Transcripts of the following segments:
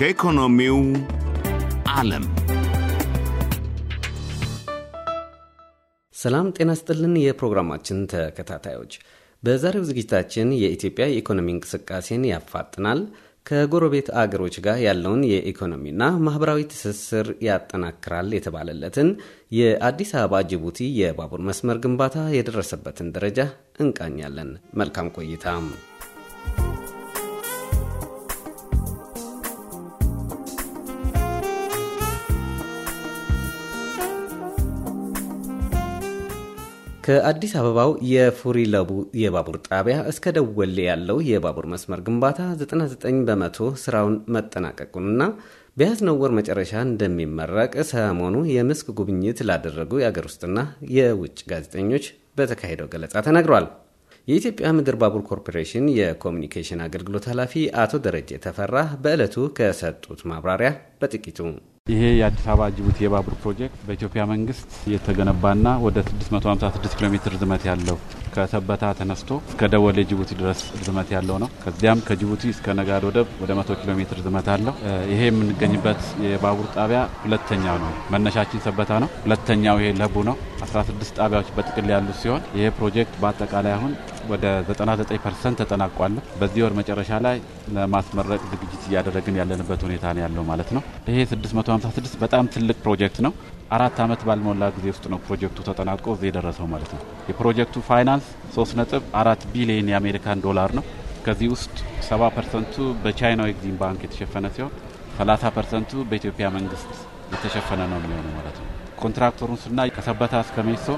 ከኢኮኖሚው ዓለም ሰላም ጤና ስጥልን። የፕሮግራማችን ተከታታዮች በዛሬው ዝግጅታችን የኢትዮጵያ የኢኮኖሚ እንቅስቃሴን ያፋጥናል፣ ከጎረቤት አገሮች ጋር ያለውን የኢኮኖሚና ማኅበራዊ ትስስር ያጠናክራል የተባለለትን የአዲስ አበባ ጅቡቲ የባቡር መስመር ግንባታ የደረሰበትን ደረጃ እንቃኛለን። መልካም ቆይታም ከአዲስ አበባው የፉሪ ለቡ የባቡር ጣቢያ እስከ ደወሌ ያለው የባቡር መስመር ግንባታ 99 በመቶ ስራውን መጠናቀቁንና በያዝነው ወር መጨረሻ እንደሚመረቅ ሰሞኑ የመስክ ጉብኝት ላደረጉ የአገር ውስጥና የውጭ ጋዜጠኞች በተካሄደው ገለጻ ተነግሯል። የኢትዮጵያ ምድር ባቡር ኮርፖሬሽን የኮሚኒኬሽን አገልግሎት ኃላፊ አቶ ደረጀ ተፈራ በዕለቱ ከሰጡት ማብራሪያ በጥቂቱ ይሄ የአዲስ አበባ ጅቡቲ የባቡር ፕሮጀክት በኢትዮጵያ መንግስት የተገነባና ወደ 656 ኪሎ ሜትር ርዝመት ያለው ከሰበታ ተነስቶ እስከ ደወሌ ጅቡቲ ድረስ ርዝመት ያለው ነው። ከዚያም ከጅቡቲ እስከ ነጋድ ወደብ ወደ 100 ኪሎ ሜትር ርዝመት አለው። ይሄ የምንገኝበት የባቡር ጣቢያ ሁለተኛው ነው። መነሻችን ሰበታ ነው። ሁለተኛው ይሄ ለቡ ነው። 16 ጣቢያዎች በጥቅል ያሉት ሲሆን ይሄ ፕሮጀክት በአጠቃላይ አሁን ወደ 99 ፐርሰንት ተጠናቋል። በዚህ ወር መጨረሻ ላይ ለማስመረቅ ዝግጅት እያደረግን ያለንበት ሁኔታ ነው ያለው ማለት ነው። ይሄ 656 በጣም ትልቅ ፕሮጀክት ነው። አራት ዓመት ባልሞላ ጊዜ ውስጥ ነው ፕሮጀክቱ ተጠናቆ እዚህ የደረሰው ማለት ነው። የፕሮጀክቱ ፋይናንስ 3 4 ቢሊዮን የአሜሪካን ዶላር ነው። ከዚህ ውስጥ 70 ፐርሰንቱ በቻይናው ኤግዚም ባንክ የተሸፈነ ሲሆን 30 ፐርሰንቱ በኢትዮጵያ መንግስት የተሸፈነ ነው የሚሆነው ማለት ነው። ኮንትራክተሩን ስናይ ከሰበታ እስከ ሜሶ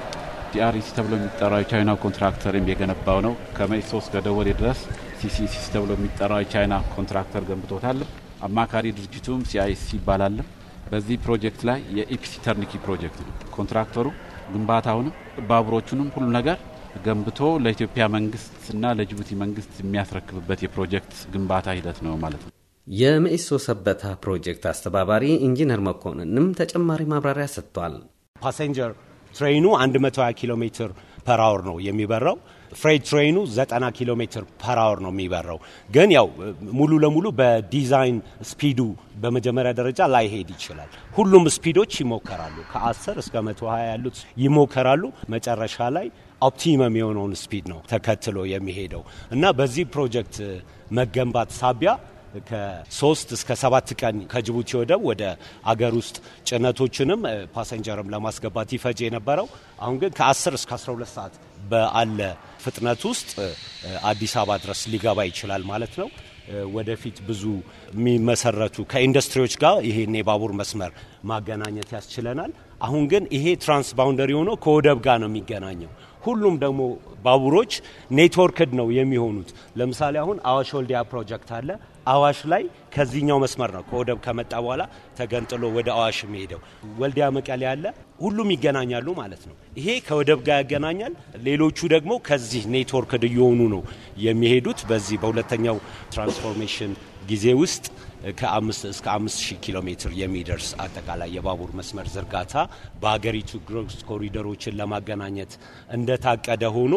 ዲአርሲ ተብሎ የሚጠራው የቻይና ኮንትራክተርም የገነባው ነው። ከመኢሶ እስከ ደወሌ ድረስ ሲሲሲ ተብሎ የሚጠራው የቻይና ኮንትራክተር ገንብቶታል። አማካሪ ድርጅቱም ሲአይሲ ይባላል። በዚህ ፕሮጀክት ላይ የኢፒሲ ተርኒኪ ፕሮጀክት ነው። ኮንትራክተሩ ግንባታውንም ባቡሮቹንም ሁሉ ነገር ገንብቶ ለኢትዮጵያ መንግስትና ለጅቡቲ መንግስት የሚያስረክብበት የፕሮጀክት ግንባታ ሂደት ነው ማለት ነው። የመኢሶ ሰበታ ፕሮጀክት አስተባባሪ ኢንጂነር መኮንንም ተጨማሪ ማብራሪያ ሰጥቷል። ፓሴንጀር ትሬኑ 120 ኪሎ ሜትር ፐር አወር ነው የሚበራው ፍሬድ ትሬኑ 90 ኪሎ ሜትር ፐር አወር ነው የሚበራው ግን ያው ሙሉ ለሙሉ በዲዛይን ስፒዱ በመጀመሪያ ደረጃ ላይሄድ ይችላል። ሁሉም ስፒዶች ይሞከራሉ። ከ10 እስከ 120 ያሉት ይሞከራሉ። መጨረሻ ላይ ኦፕቲመም የሆነውን ስፒድ ነው ተከትሎ የሚሄደው እና በዚህ ፕሮጀክት መገንባት ሳቢያ ከሶስት እስከ ሰባት ቀን ከጅቡቲ ወደብ ወደ አገር ውስጥ ጭነቶችንም ፓሰንጀርም ለማስገባት ይፈጅ የነበረው አሁን ግን ከ10 እስከ 12 ሰዓት በአለ ፍጥነት ውስጥ አዲስ አበባ ድረስ ሊገባ ይችላል ማለት ነው። ወደፊት ብዙ የሚመሰረቱ ከኢንዱስትሪዎች ጋር ይሄን የባቡር መስመር ማገናኘት ያስችለናል። አሁን ግን ይሄ ትራንስባውንደሪ ሆኖ ከወደብ ጋር ነው የሚገናኘው። ሁሉም ደግሞ ባቡሮች ኔትወርክድ ነው የሚሆኑት። ለምሳሌ አሁን አዋሽ ወልዲያ ፕሮጀክት አለ። አዋሽ ላይ ከዚህኛው መስመር ነው ከወደብ ከመጣ በኋላ ተገንጥሎ ወደ አዋሽ የሚሄደው ወልዲያ መቀሌ ያለ ሁሉም ይገናኛሉ ማለት ነው። ይሄ ከወደብ ጋር ያገናኛል። ሌሎቹ ደግሞ ከዚህ ኔትወርክ እየሆኑ ነው የሚሄዱት። በዚህ በሁለተኛው ትራንስፎርሜሽን ጊዜ ውስጥ ከአምስት እስከ አምስት ሺህ ኪሎ ሜትር የሚደርስ አጠቃላይ የባቡር መስመር ዝርጋታ በሀገሪቱ ግሮስ ኮሪደሮችን ለማገናኘት እንደታቀደ ሆኖ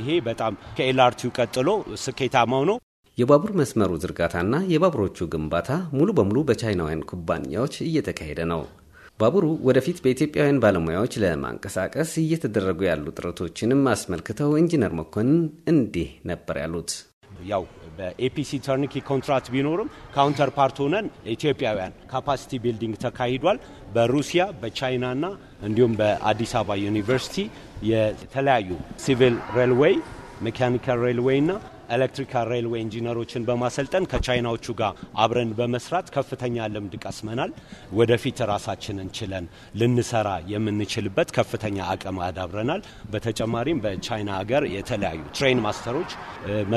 ይሄ በጣም ከኤልአርቲው ቀጥሎ ስኬታማው ነው። የባቡር መስመሩ ዝርጋታና የባቡሮቹ ግንባታ ሙሉ በሙሉ በቻይናውያን ኩባንያዎች እየተካሄደ ነው። ባቡሩ ወደፊት በኢትዮጵያውያን ባለሙያዎች ለማንቀሳቀስ እየተደረጉ ያሉ ጥረቶችንም አስመልክተው ኢንጂነር መኮንን እንዲህ ነበር ያሉት። ያው በኤፒሲ ተርንኪ ኮንትራት ቢኖርም ካውንተር ፓርት ሆነን ለኢትዮጵያውያን ካፓሲቲ ቢልዲንግ ተካሂዷል። በሩሲያ በቻይናና እንዲሁም በአዲስ አበባ ዩኒቨርሲቲ የተለያዩ ሲቪል ሬልዌይ ሜካኒካል ሬልዌይና ኤሌክትሪካል ሬልዌይ ኢንጂነሮችን በማሰልጠን ከቻይናዎቹ ጋር አብረን በመስራት ከፍተኛ ልምድ ቀስመናል። ወደፊት ራሳችንን ችለን ልንሰራ የምንችልበት ከፍተኛ አቅም አዳብረናል። በተጨማሪም በቻይና ሀገር የተለያዩ ትሬን ማስተሮች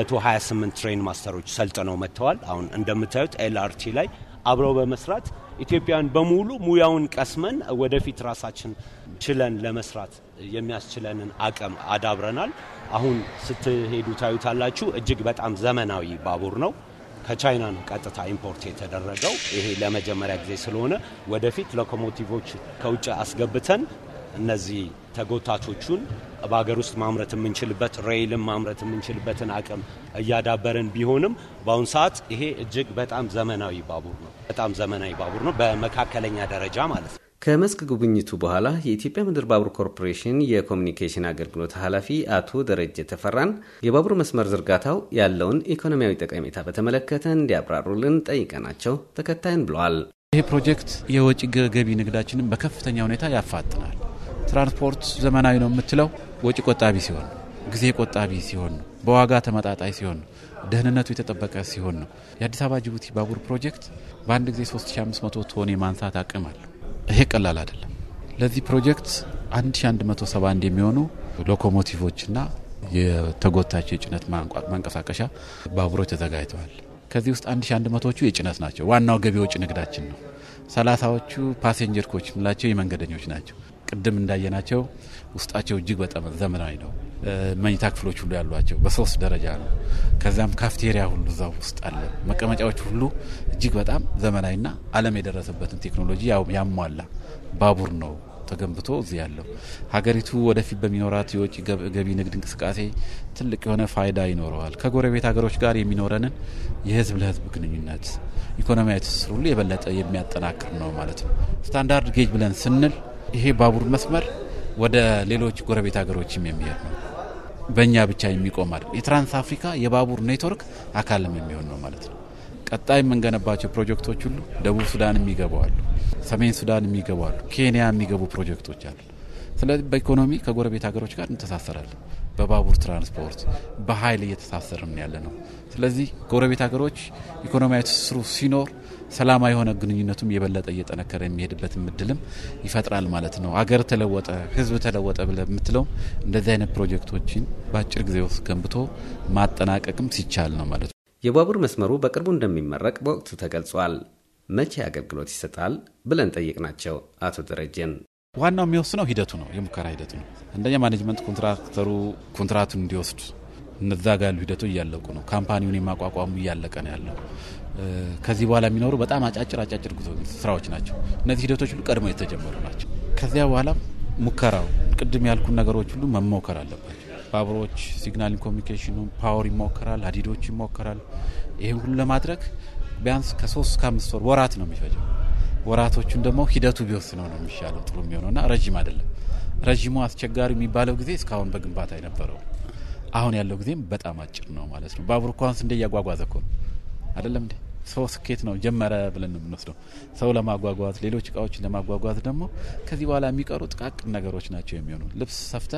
128 ትሬን ማስተሮች ሰልጥነው መጥተዋል። አሁን እንደምታዩት ኤልአርቲ ላይ አብረው በመስራት ኢትዮጵያን በሙሉ ሙያውን ቀስመን ወደፊት ራሳችን ችለን ለመስራት የሚያስችለንን አቅም አዳብረናል። አሁን ስትሄዱ ታዩታላችሁ። እጅግ በጣም ዘመናዊ ባቡር ነው። ከቻይና ነው ቀጥታ ኢምፖርት የተደረገው። ይሄ ለመጀመሪያ ጊዜ ስለሆነ ወደፊት ሎኮሞቲቮች ከውጭ አስገብተን እነዚህ ተጎታቾቹን በሀገር ውስጥ ማምረት የምንችልበት ሬይልን ማምረት የምንችልበትን አቅም እያዳበርን ቢሆንም በአሁኑ ሰዓት ይሄ እጅግ በጣም ዘመናዊ ባቡር ነው። በጣም ዘመናዊ ባቡር ነው፣ በመካከለኛ ደረጃ ማለት ነው። ከመስክ ጉብኝቱ በኋላ የኢትዮጵያ ምድር ባቡር ኮርፖሬሽን የኮሚኒኬሽን አገልግሎት ኃላፊ አቶ ደረጀ ተፈራን የባቡር መስመር ዝርጋታው ያለውን ኢኮኖሚያዊ ጠቀሜታ በተመለከተ እንዲያብራሩልን ጠይቀናቸው ተከታይን ብለዋል። ይህ ፕሮጀክት የወጪ ገቢ ንግዳችንን በከፍተኛ ሁኔታ ያፋጥናል። ትራንስፖርት ዘመናዊ ነው የምትለው ወጪ ቆጣቢ ሲሆን ጊዜ ቆጣቢ ሲሆን ነው። በዋጋ ተመጣጣይ ሲሆን ነው። ደህንነቱ የተጠበቀ ሲሆን ነው። የአዲስ አበባ ጅቡቲ ባቡር ፕሮጀክት በአንድ ጊዜ 3500 ቶን የማንሳት አቅም አለ። ይሄ ቀላል አይደለም። ለዚህ ፕሮጀክት 1171 የሚሆኑ ሎኮሞቲቮችና የተጎታች የጭነት ማንቀሳቀሻ ባቡሮች ተዘጋጅተዋል። ከዚህ ውስጥ 1100ዎቹ የጭነት ናቸው። ዋናው ገቢ ወጪ ንግዳችን ነው። ሰላሳዎቹ ፓሴንጀር ኮች የምንላቸው የመንገደኞች ናቸው። ቅድም እንዳየናቸው ውስጣቸው እጅግ በጣም ዘመናዊ ነው። መኝታ ክፍሎች ሁሉ ያሏቸው በሶስት ደረጃ ነው። ከዚያም ካፍቴሪያ ሁሉ እዛ ውስጥ አለ። መቀመጫዎች ሁሉ እጅግ በጣም ዘመናዊና ዓለም የደረሰበትን ቴክኖሎጂ ያሟላ ባቡር ነው ተገንብቶ እዚህ ያለው ሀገሪቱ ወደፊት በሚኖራት የውጭ ገቢ ንግድ እንቅስቃሴ ትልቅ የሆነ ፋይዳ ይኖረዋል። ከጎረቤት ሀገሮች ጋር የሚኖረንን የህዝብ ለህዝብ ግንኙነት፣ ኢኮኖሚያዊ ትስስር ሁሉ የበለጠ የሚያጠናክር ነው ማለት ነው። ስታንዳርድ ጌጅ ብለን ስንል ይሄ ባቡር መስመር ወደ ሌሎች ጎረቤት ሀገሮችም የሚሄድ ነው። በእኛ ብቻ የሚቆም አይደለም። የትራንስ አፍሪካ የባቡር ኔትወርክ አካልም የሚሆን ነው ማለት ነው። ቀጣይ የምንገነባቸው ፕሮጀክቶች ሁሉ ደቡብ ሱዳን አሉ፣ ሰሜን ሱዳን አሉ፣ ኬንያ የሚገቡ ፕሮጀክቶች አሉ። ስለዚህ በኢኮኖሚ ከጎረቤት ሀገሮች ጋር እንተሳሰራለን። በባቡር ትራንስፖርት፣ በኃይል እየተሳሰርን ያለ ነው። ስለዚህ ጎረቤት ሀገሮች ኢኮኖሚያዊ ትስስሩ ሲኖር ሰላማዊ የሆነ ግንኙነቱም የበለጠ እየጠነከረ የሚሄድበት እድልም ይፈጥራል ማለት ነው። አገር ተለወጠ፣ ህዝብ ተለወጠ ብለ የምትለው እንደዚህ አይነት ፕሮጀክቶችን በአጭር ጊዜ ውስጥ ገንብቶ ማጠናቀቅም ሲቻል ነው ማለት ነው። የባቡር መስመሩ በቅርቡ እንደሚመረቅ በወቅቱ ተገልጿል። መቼ አገልግሎት ይሰጣል ብለን ጠየቅናቸው አቶ ደረጀን። ዋናው የሚወስነው ሂደቱ ነው፣ የሙከራ ሂደቱ ነው። አንደኛ ማኔጅመንት ኮንትራክተሩ ኮንትራቱን እንዲወስድ እነዛ ጋር ያሉ እያለቁ ነው። ካምፓኒውን የማቋቋሙ እያለቀ ነው ያለው። ከዚህ በኋላ የሚኖሩ በጣም አጫጭር አጫጭር ስራዎች ናቸው። እነዚህ ሂደቶች ሁሉ ቀድሞ የተጀመሩ ናቸው። ከዚያ በኋላ ሙከራው ቅድም ያልኩን ነገሮች ሁሉ መሞከር አለባቸው። ባቡሮች፣ ሲግናሊንግ ኮሚኒኬሽኑ፣ ፓወር ይሞከራል፣ ሀዲዶች ይሞከራል። ይህን ሁሉ ለማድረግ ቢያንስ ከሶስት ከአምስት ወር ወራት ነው የሚፈጀው። ወራቶቹን ደግሞ ሂደቱ ቢወስነው ነው የሚሻለው ጥሩ የሚሆነውና ረዥም አይደለም። ረዥሙ አስቸጋሪ የሚባለው ጊዜ እስካሁን በግንባታ የነበረው አሁን ያለው ጊዜም በጣም አጭር ነው ማለት ነው። ባቡር እኳንስ እንደ እያጓጓዘ እኮ ነው አይደለም እንዴ? ሰው ስኬት ነው ጀመረ ብለን ነው የምንወስደው። ሰው ለማጓጓዝ ሌሎች እቃዎችን ለማጓጓዝ ደግሞ ከዚህ በኋላ የሚቀሩ ጥቃቅን ነገሮች ናቸው የሚሆኑ። ልብስ ሰፍተ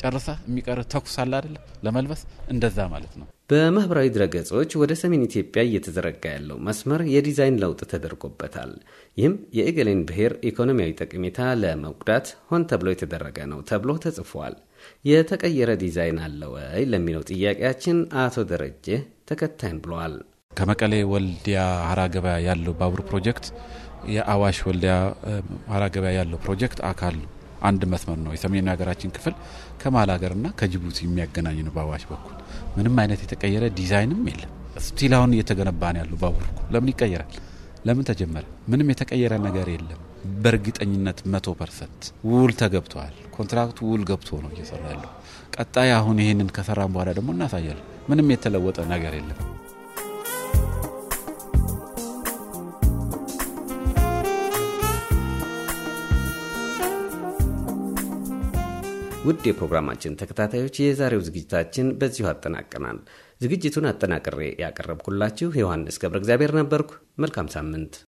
ጨርሰ የሚቀር ተኩስ አለ አደለ? ለመልበስ እንደዛ ማለት ነው። በማህበራዊ ድረገጾች ወደ ሰሜን ኢትዮጵያ እየተዘረጋ ያለው መስመር የዲዛይን ለውጥ ተደርጎበታል። ይህም የእገሌን ብሔር ኢኮኖሚያዊ ጠቀሜታ ለመጉዳት ሆን ተብሎ የተደረገ ነው ተብሎ ተጽፏል። የተቀየረ ዲዛይን አለ ወይ ለሚለው ጥያቄያችን አቶ ደረጀ ተከታይን ብለዋል። ከመቀሌ ወልዲያ ሀራ ገበያ ያለው ባቡር ፕሮጀክት የአዋሽ ወልዲያ ሀራ ገበያ ያለው ፕሮጀክት አካል አንድ መስመር ነው። የሰሜኑ የሀገራችን ክፍል ከመሀል ሀገርና ከጅቡቲ የሚያገናኝ ነው። በአዋሽ በኩል ምንም አይነት የተቀየረ ዲዛይንም የለም። ስቲል አሁን እየተገነባ ነው ያለው ባቡር። ለምን ይቀየራል? ለምን ተጀመረ? ምንም የተቀየረ ነገር የለም። በእርግጠኝነት መቶ ፐርሰንት ውል ተገብተዋል። ኮንትራክቱ ውል ገብቶ ነው እየሰራ ያለው። ቀጣይ አሁን ይህንን ከሰራን በኋላ ደግሞ እናሳያለን። ምንም የተለወጠ ነገር የለም። ውድ የፕሮግራማችን ተከታታዮች የዛሬው ዝግጅታችን በዚሁ አጠናቀናል። ዝግጅቱን አጠናቅሬ ያቀረብኩላችሁ ዮሐንስ ገብረ እግዚአብሔር ነበርኩ። መልካም ሳምንት።